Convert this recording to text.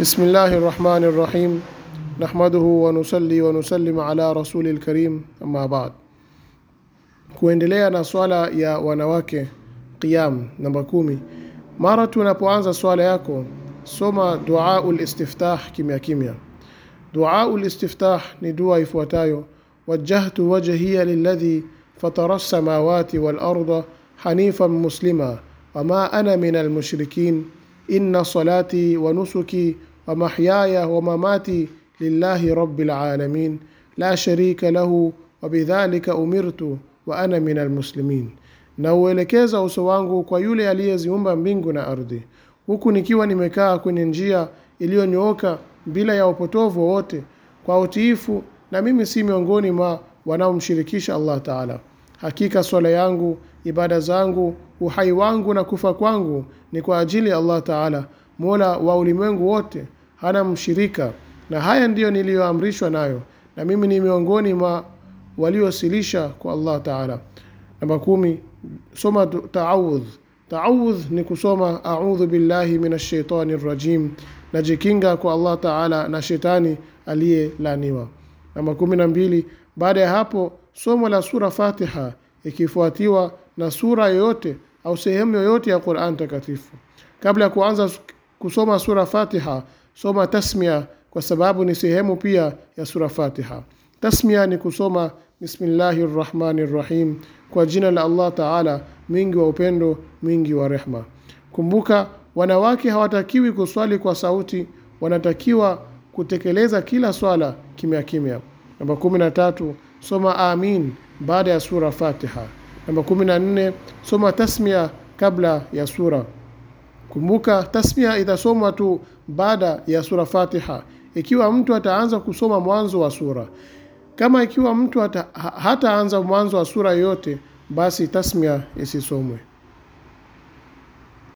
بسم الله الرحمن الرحيم نحمده ونصلي ونسلم على رسول الكريم أما بعد kuendelea na swala ya wanawake qiyam namba kumi mara tunapoanza swala yako soma duaul istiftah kimya kimya duaul istiftah ni dua ifuatayo wajjahtu wajhiya lilladhi fatara lsamawati walarda hanifan muslima wama ana min almushrikin salati wa nusuki ومحياي ومماتي لله رب العالمين لا شريك له وبذلك أمرت وأنا من المسلمين nauelekeza uso wangu kwa yule aliyeziumba mbingu na ardhi huku nikiwa nimekaa kwenye njia iliyonyooka bila ya upotovu wowote kwa utiifu na mimi si miongoni mwa wanaomshirikisha allah taala hakika swala yangu ibada zangu uhai wangu na kufa kwangu ni kwa ajili ya allah taala mola wa ulimwengu wote hana mshirika, na haya ndiyo niliyoamrishwa nayo, na mimi ni miongoni mwa waliosilisha kwa Allah Taala. Namba kumi, soma taawudh. Taawudh ni kusoma audhu billahi minash shaitani rajim, najikinga kwa Allah Taala na shetani aliyelaniwa. Namba kumi na mbili, baada ya hapo somo la sura Fatiha ikifuatiwa na sura yoyote au sehemu yoyote ya Qur'an takatifu. Kabla ya kuanza kusoma sura Fatiha, Soma tasmia kwa sababu ni sehemu pia ya sura Fatiha. Tasmia ni kusoma bismillahi rrahmani rrahim, kwa jina la Allah Taala mwingi wa upendo mwingi wa rehma. Kumbuka, wanawake hawatakiwi kuswali kwa sauti, wanatakiwa kutekeleza kila swala kimya kimya. Namba 13, soma amin baada ya sura Fatiha. Namba 14, soma tasmia kabla ya sura kumbuka tasmia itasomwa tu baada ya sura fatiha ikiwa mtu ataanza kusoma mwanzo wa sura kama ikiwa mtu hataanza mwanzo wa sura yoyote basi tasmia isisomwe